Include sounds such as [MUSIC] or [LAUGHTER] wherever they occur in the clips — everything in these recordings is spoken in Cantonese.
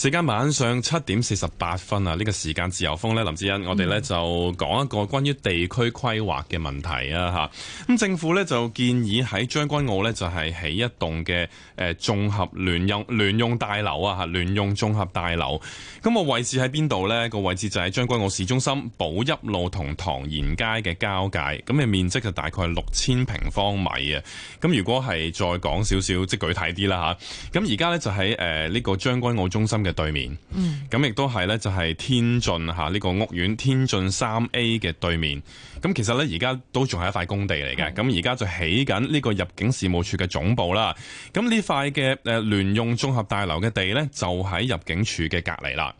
時間晚上七點四十八分啊，呢個時間自由風呢，林志恩，我哋呢就講一個關於地區規劃嘅問題啊。吓，咁政府呢就建議喺將軍澳呢，就係起一棟嘅誒綜合聯用聯用大樓啊吓，聯用綜合大樓。咁個位置喺邊度呢？個位置就喺將軍澳市中心寶邑路同唐賢街嘅交界。咁嘅面積就大概六千平方米啊。咁如果係再講少少，即具體啲啦吓。咁而家呢就喺誒呢個將軍澳中心嘅對面，嗯，咁亦都係咧，就係、是、天晉吓呢個屋苑，天晉三 A 嘅對面。咁其實咧，而家都仲係一塊工地嚟嘅。咁而家就起緊呢個入境事務處嘅總部啦。咁呢塊嘅誒聯用綜合大樓嘅地咧，就喺入境處嘅隔離啦。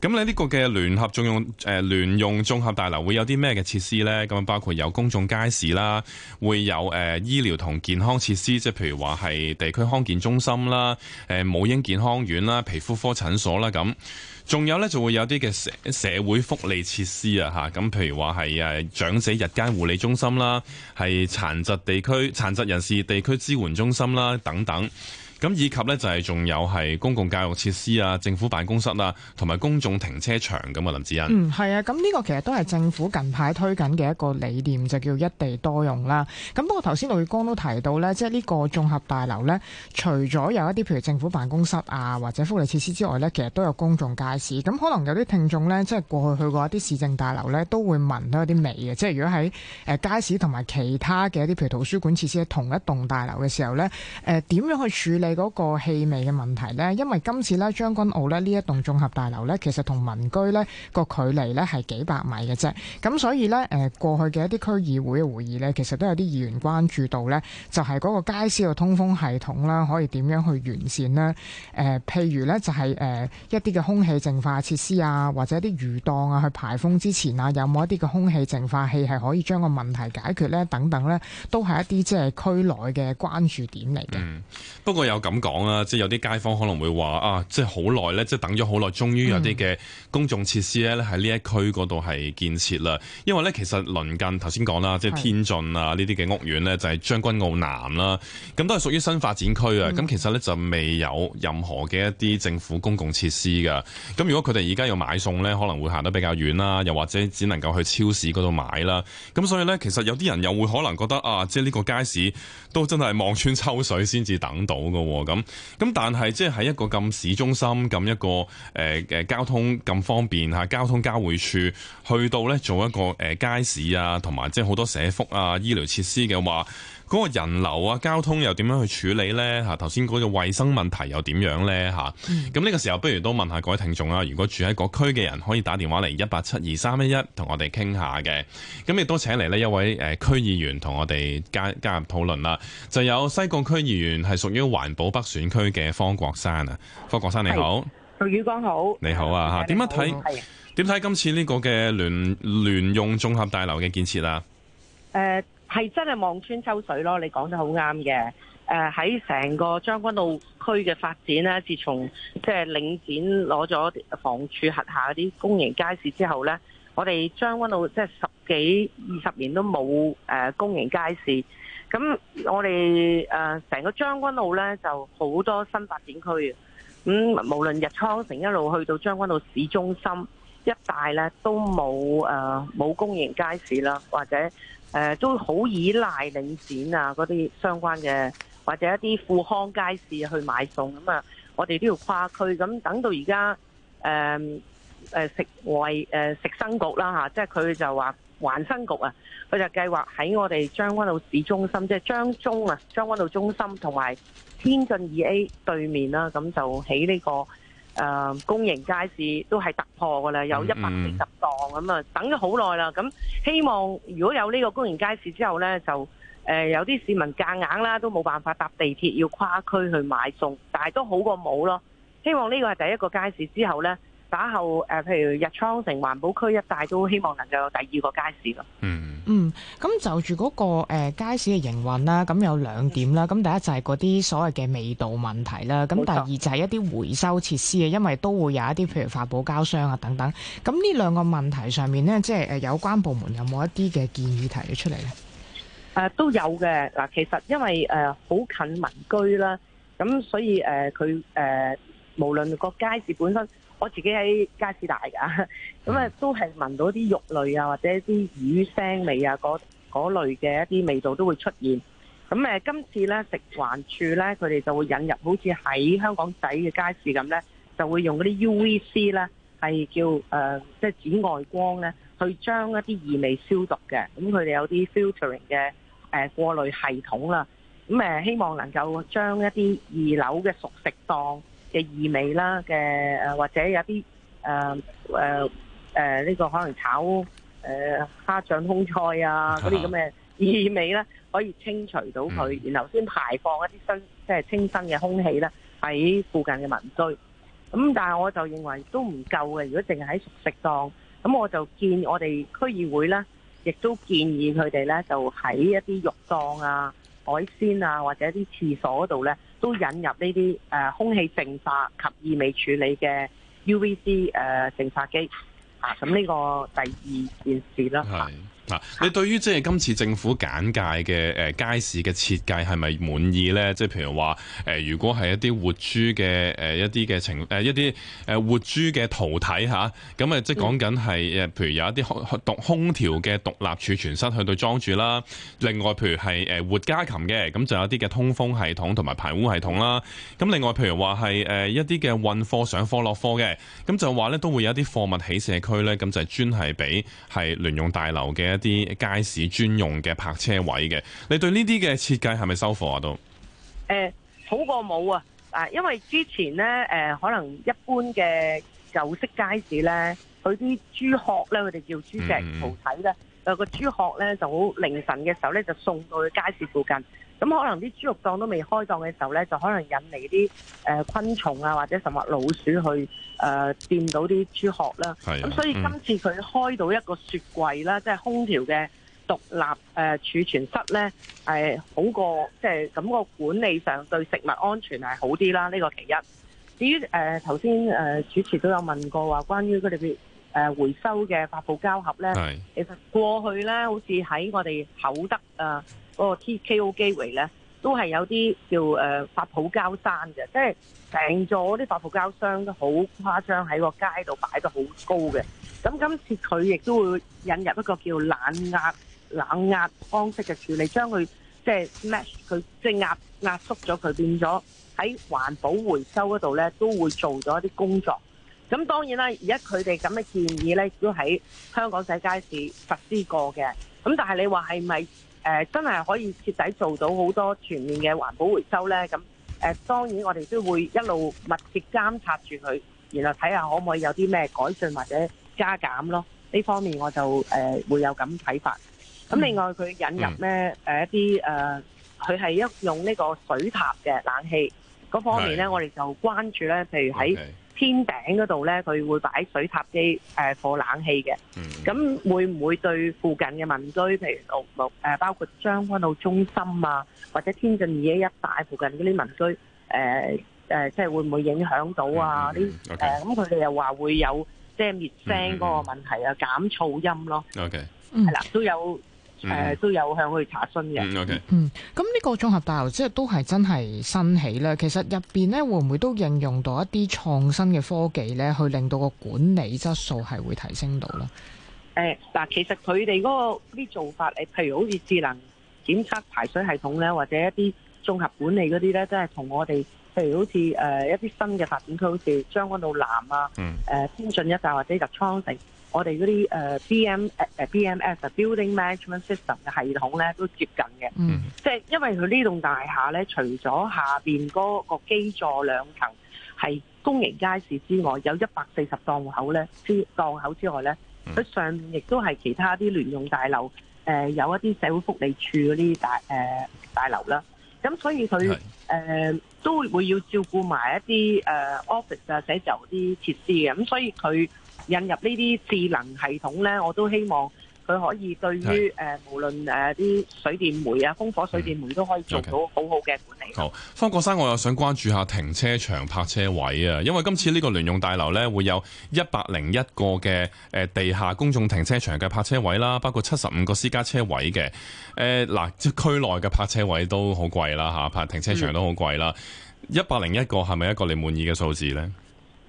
咁你呢個嘅聯合仲用誒聯用綜合大樓會有啲咩嘅設施咧？咁包括有公眾街市啦，會有誒醫療同健康設施，即係譬如話係地區康健中心啦、誒母嬰健康院啦、皮膚科診所啦咁。仲有呢，就會有啲嘅社社會福利設施啊，吓，咁，譬如話係啊長者日間護理中心啦，係殘疾地區、殘疾人士地區支援中心啦，等等。咁以及咧就係仲有係公共教育設施啊、政府辦公室啦，同埋公眾停車場咁啊，林志欣。嗯，係啊，咁呢個其實都係政府近排推緊嘅一個理念，就叫一地多用啦。咁不過頭先陸月光都提到咧，即係呢個綜合大樓咧，除咗有一啲譬如政府辦公室啊或者福利設施之外咧，其實都有公眾街市。咁可能有啲聽眾咧，即係過去去過一啲市政大樓咧，都會聞到有啲味嘅。即係如果喺誒街市同埋其他嘅一啲譬如圖書館設施喺同一棟大樓嘅時候咧，誒點樣去處理？嘅嗰個氣味嘅問題呢，因為今次咧將軍澳咧呢一棟綜合大樓呢，其實同民居呢個距離呢係幾百米嘅啫。咁所以呢，誒過去嘅一啲區議會嘅會議呢，其實都有啲議員關注到呢，就係嗰個街市嘅通風系統啦，可以點樣去完善呢？誒、呃，譬如呢，就係誒一啲嘅空氣淨化設施啊，或者一啲魚檔啊去排風之前啊，有冇一啲嘅空氣淨化器係可以將個問題解決呢？等等呢，都係一啲即係區內嘅關注點嚟嘅、嗯。不過有。咁講啦，即係有啲街坊可能會話啊，即係好耐咧，即係等咗好耐，終於有啲嘅公眾設施咧喺呢一區嗰度係建設啦。嗯、因為咧，其實鄰近頭先講啦，即係天晉啊呢啲嘅屋苑咧，就係將軍澳南啦，咁都係屬於新發展區啊。咁其實咧就未有任何嘅一啲政府公共設施㗎。咁如果佢哋而家要買餸咧，可能會行得比較遠啦，又或者只能夠去超市嗰度買啦。咁所以咧，其實有啲人又會可能覺得啊，即係呢個街市都真係望穿秋水先至等到嘅。咁咁，但係即係喺一個咁市中心咁一個誒誒交通咁方便吓，交通交匯處去到呢，做一個誒街市啊，同埋即係好多社福啊，醫療設施嘅話。嗰個人流啊，交通又點樣去處理呢？吓頭先嗰個衞生問題又點樣呢？嚇，咁呢個時候不如都問下各位聽眾啦。如果住喺嗰區嘅人，可以打電話嚟一八七二三一一，同我哋傾下嘅。咁亦都請嚟呢一位誒區議員同我哋加加入討論啦。就有西貢區議員係屬於環保北選區嘅方國珊啊，方國珊你好，杜宇光好，你好啊嚇，點樣睇？點睇的今次呢個嘅聯聯用綜合大樓嘅建設啊？呃係真係望穿秋水咯，你講得好啱嘅。誒喺成個將軍澳區嘅發展咧，自從即係領展攞咗房署轄下啲公營街市之後咧，我哋將軍澳即係十幾二十年都冇誒公營街市。咁我哋誒成個將軍澳咧就好多新發展區。咁無論日倉城一路去到將軍澳市中心一帶咧，都冇誒冇公營街市啦，或者。誒、呃、都好依賴領展啊，嗰啲相關嘅或者一啲富康街市去買餸咁啊，我哋都要跨區咁，等到而家誒食衞、呃、食生局啦嚇、啊，即係佢就話環生局啊，佢就計劃喺我哋將軍澳市中心，即係將中啊，將軍澳中心同埋天晉二 A 對面啦、啊，咁就起呢、呢個。誒，uh, 公營街市都係突破噶啦，有一百四十檔咁啊，等咗好耐啦。咁希望如果有呢個公營街市之後呢，就誒、呃、有啲市民夾硬硬啦，都冇辦法搭地鐵要跨區去買餸，但係都好過冇咯。希望呢個係第一個街市之後呢。打後誒，譬如日昌城、環保區一帶都希望能夠有第二個街市咯、嗯。嗯嗯，咁就住嗰、那個、呃、街市嘅營運啦，咁有兩點啦。咁、嗯、第一就係嗰啲所謂嘅味道問題啦，咁冇錯第二就係一啲回收設施嘅，因為都會有一啲譬如發泡膠箱啊等等。咁呢兩個問題上面呢，即係有關部門有冇一啲嘅建議提出嚟呢、呃？都有嘅嗱，其實因為好、呃、近民居啦，咁所以誒佢誒無論個街市本身。我自己喺街市大噶，咁啊都係聞到啲肉類啊或者啲魚腥味啊嗰類嘅一啲味道都會出現。咁誒，今次咧食環署咧佢哋就會引入好似喺香港仔嘅街市咁咧，就會用嗰啲 UVC 咧係叫誒即、呃即係、紫外光咧去將一啲異味消毒嘅。咁佢哋有啲 filtering 嘅誒過濾系統啦。咁誒，希望能夠將一啲二樓嘅熟食檔嘅異味啦，嘅誒或者有啲誒誒誒呢個可能炒誒、呃、蝦醬空菜啊嗰啲咁嘅異味咧，可以清除到佢， [NOISE] 然後先排放一啲新即係清新嘅空氣啦喺附近嘅民居。咁、嗯、但係我就認為都唔夠嘅，如果淨係喺熟食檔，咁我就建議我哋區議會咧，亦都建議佢哋咧就喺一啲肉檔啊、海鮮啊或者啲廁所嗰度咧。都引入呢啲誒空氣淨化及異味處理嘅 UVC 誒、呃、淨化機，啊，咁呢個第二件事啦。係。嗱，你對於即係今次政府簡介嘅誒、呃、街市嘅設計係咪滿意呢？即係譬如話誒、呃，如果係一啲活豬嘅誒一啲嘅情誒、呃、一啲誒活豬嘅屠體嚇，咁啊即係講緊係誒，譬如有一啲空空調嘅獨立儲存室去到裝住啦。另外，譬如係誒活家禽嘅，咁就有啲嘅通風系統同埋排污系統啦。咁另外，譬如話係誒一啲嘅運貨上貨落貨嘅，咁就話咧都會有一啲貨物喺社區呢。咁就係專係俾係聯用大樓嘅。啲街市專用嘅泊車位嘅，你對呢啲嘅設計係咪收貨啊？都誒、欸，好過冇啊！啊，因為之前咧誒，可能一般嘅舊式街市咧，佢啲豬殼咧，佢哋叫豬隻屠體咧，有個豬殼咧就好凌晨嘅時候咧，就送到去街市附近。咁可能啲豬肉檔都未開檔嘅時候呢，就可能引嚟啲誒昆蟲啊，或者甚至老鼠去誒掂、呃、到啲豬殼啦。咁的所以今次佢開到一個雪櫃啦，嗯、即係空調嘅獨立誒、呃、儲存室呢，誒、呃、好過即係咁個管理上對食物安全係好啲啦。呢、這個其一。至於誒頭先誒主持都有問過話，關於佢哋、呃、回收嘅發泡膠盒呢，的其實過去呢好似喺我哋厚德啊。呃嗰個 TKO 機器咧，都係有啲叫誒發泡膠山嘅，即係成座嗰啲發泡膠箱都好誇張，喺個街度擺得好高嘅。咁今次佢亦都會引入一個叫冷壓冷壓方式嘅處理，將佢即係壓佢即係壓壓縮咗佢，變咗喺環保回收嗰度咧，都會做咗一啲工作。咁當然啦，而家佢哋咁嘅建議咧，都喺香港細街市實施過嘅。咁但係你話係咪？誒真係可以徹底做到好多全面嘅環保回收呢，咁誒當然我哋都會一路密切監察住佢，然後睇下可唔可以有啲咩改進或者加減咯。呢方面我就誒會有咁睇法。咁另外佢引入呢誒一啲誒，佢係一用呢個水塔嘅冷氣。嗰方面咧，我哋就關注咧，譬如喺天頂嗰度咧，佢會擺水塔機誒放冷氣嘅。咁會唔會對附近嘅民居，譬如六六誒，包括將軍澳中心啊，或者天晉二一一帶附近嗰啲民居誒誒，即係會唔會影響到啊？啲誒，咁佢哋又話會有即係滅聲嗰個問題啊，減噪音咯。OK，係啦，都有。誒，嗯、都有向佢查詢嘅。OK 嗯，咁、okay、呢、嗯、個綜合大樓即係都係真係新起啦。其實入邊咧，會唔會都應用到一啲創新嘅科技咧，去令到個管理質素係會提升到咧？誒，嗱，其實佢哋嗰個啲做法，誒，譬如好似智能檢測排水系統咧，或者一啲綜合管理嗰啲咧，即係同我哋譬如好似誒一啲新嘅發展區，好似將軍澳南啊，誒，先進一帶或者入蒼城。我哋嗰啲 B M 誒 B M S 嘅、uh, Building Management System 嘅系統咧，都接近嘅。嗯。即係因為佢呢棟大廈咧，除咗下面嗰個基座兩層係公營街市之外，有一百四十檔口咧，啲檔口之外咧，佢、mm. 上亦都係其他啲聯用大樓誒、呃，有一啲社會福利處嗰啲大誒、呃、大樓啦。咁、嗯、所以佢誒的、呃、都會要照顧埋一啲誒、呃、office 啊、寫字樓啲設施嘅。咁、嗯、所以佢。引入呢啲智能系統呢，我都希望佢可以對於誒是、呃、無論誒啲水電煤啊、風火水電煤都可以做到好好嘅管理。嗯 okay. 好，方國珊，我又想關注下停車場泊車位啊，因為今次呢個聯用大樓呢，會有一百零一個嘅誒地下公眾停車場嘅泊車位啦，包括七十五個私家車位嘅。誒、呃、嗱，區內嘅泊車位都好貴啦吓，泊停車場都好貴啦。一百零一個係咪一個你滿意嘅數字呢？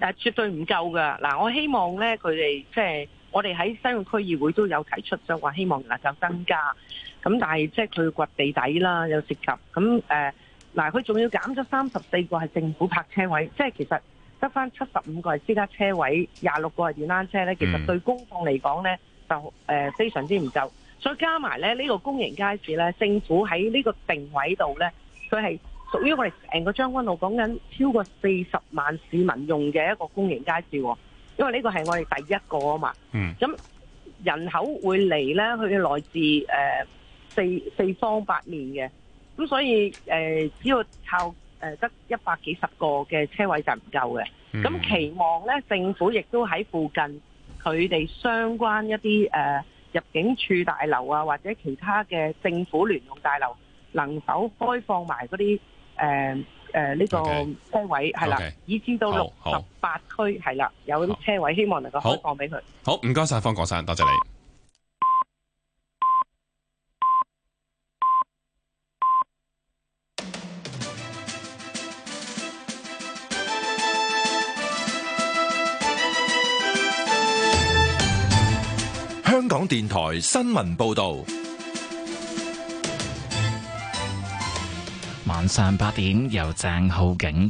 誒、啊、絕對唔夠㗎！嗱、啊，我希望咧，佢哋即係我哋喺西貢區議會都有提出咗話，希望能夠增加。咁、嗯、但係即係佢掘地底啦，有涉及咁誒，嗱佢仲要減咗三十四個係政府泊車位，即係其實得翻七十五個係私家車位，廿六個係電單車咧。其實對公眾嚟講咧，就誒、呃、非常之唔夠。所以加埋咧，呢、這個公營街市咧，政府喺呢個定位度咧，佢係。屬於我哋成個將軍澳講緊超過四十萬市民用嘅一個公營街市，因為呢個係我哋第一個啊嘛。咁、嗯、人口會嚟呢，佢來自誒、呃、四四方八面嘅，咁所以、呃、只要靠、呃、得一百幾十個嘅車位就唔夠嘅。咁、嗯、期望呢政府亦都喺附近佢哋相關一啲、呃、入境處大樓啊，或者其他嘅政府聯用大樓，能否開放埋嗰啲？誒誒，呢、嗯嗯，這個車位係啦，已至到六十八區係啦，有啲車位希望能夠開放俾佢。好，唔該晒方國珊，多謝、謝你。香港電台新聞報道。晚上八點由鄭浩景。